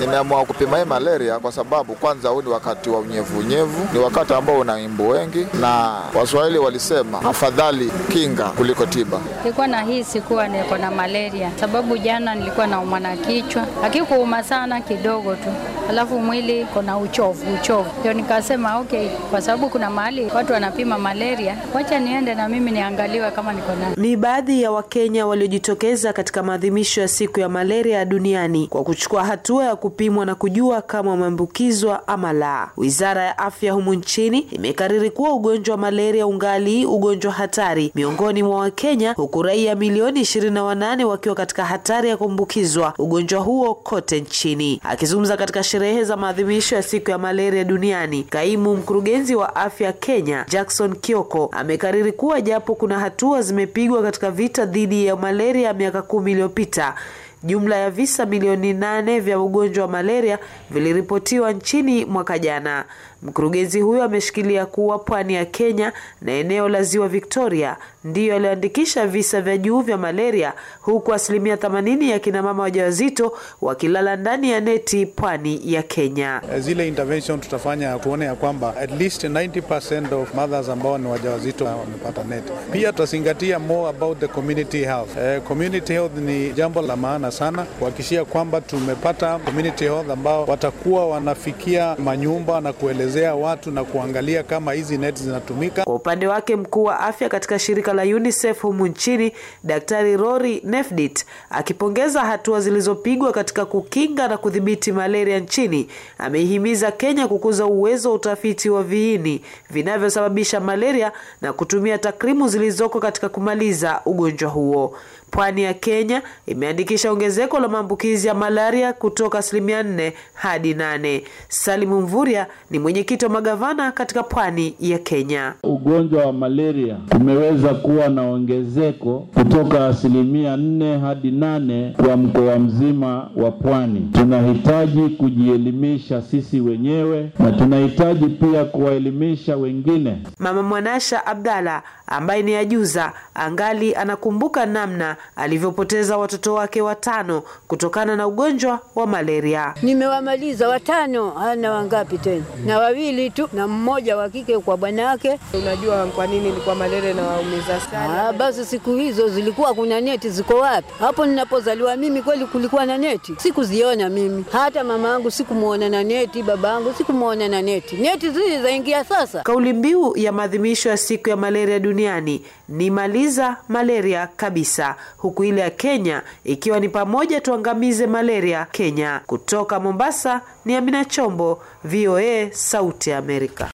Nimeamua kupima hii malaria kwa sababu kwanza, huu ni wakati wa unyevunyevu, ni wakati ambao una imbo wengi, na Waswahili walisema afadhali kinga kuliko tiba. Nilikuwa na hisi kuwa niko na malaria sababu jana nilikuwa naumwa na kichwa, lakini kuuma sana kidogo tu alafu mwili kuna uchovu uchovu, ndio nikasema okay, kwa sababu kuna mahali watu wanapima malaria, wacha niende na mimi niangaliwe kama niko nayo. Ni baadhi ya Wakenya waliojitokeza katika maadhimisho ya siku ya malaria duniani kwa kuchukua hatua ya kupimwa na kujua kama wameambukizwa ama la. Wizara ya afya humu nchini imekariri kuwa ugonjwa wa malaria ungali ugonjwa hatari miongoni mwa Wakenya, huku raia milioni ishirini na wanane wakiwa katika hatari ya kuambukizwa ugonjwa huo kote nchini. Akizungumza katika sherehe za maadhimisho ya siku ya malaria duniani, kaimu mkurugenzi wa afya Kenya Jackson Kioko amekariri kuwa japo kuna hatua zimepigwa katika vita dhidi ya malaria ya miaka kumi iliyopita jumla ya visa milioni nane vya ugonjwa wa malaria viliripotiwa nchini mwaka jana. Mkurugenzi huyo ameshikilia kuwa pwani ya Kenya na eneo la ziwa Victoria ndiyo yaliyoandikisha visa vya juu vya malaria, huku asilimia 80 ya kina mama wajawazito wakilala ndani ya neti pwani ya Kenya. Eh, zile intervention tutafanya tuone ya kwamba at least 90% of mothers ambao ni wajawazito wamepata neti. Pia tutazingatia more about the community health. Eh, community health ni jambo la maana sana kuhakikishia kwamba tumepata community health ambao watakuwa wanafikia manyumba na kueleza kuelezea watu na kuangalia kama hizi neti zinatumika. Kwa upande wake, mkuu wa afya katika shirika la UNICEF humu nchini Daktari Rory Nefdit akipongeza hatua zilizopigwa katika kukinga na kudhibiti malaria nchini, ameihimiza Kenya kukuza uwezo wa utafiti wa viini vinavyosababisha malaria na kutumia takrimu zilizoko katika kumaliza ugonjwa huo. Pwani ya Kenya imeandikisha ongezeko la maambukizi ya malaria kutoka asilimia nne hadi nane. Salimu Mvuria ni mwenye mwenyekiti wa magavana katika pwani ya Kenya. Ugonjwa wa malaria umeweza kuwa na ongezeko kutoka asilimia nne hadi nane kwa mkoa mzima wa pwani. Tunahitaji kujielimisha sisi wenyewe na tunahitaji pia kuwaelimisha wengine. Mama Mwanasha Abdalla ambaye ni ajuza angali anakumbuka namna alivyopoteza watoto wake watano kutokana na ugonjwa wa malaria. Nimewamaliza watano, hana wangapi tena na wawili tu na mmoja wa kike kwa bwanake. Unajua kwa nini ilikuwa malaria na waumiza sana? Ah, basi siku hizo zilikuwa kuna neti, ziko wapi? Hapo ninapozaliwa mimi kweli kulikuwa na neti, sikuziona mimi. Hata mama yangu sikumuona na neti, baba yangu sikumuona na neti. Neti zile zaingia sasa. Kauli mbiu ya maadhimisho ya siku ya malaria duniani ni maliza malaria kabisa, huku ile ya Kenya ikiwa ni pamoja tuangamize malaria Kenya. Kutoka Mombasa ni Amina Chombo, VOA. Sauti ya Amerika.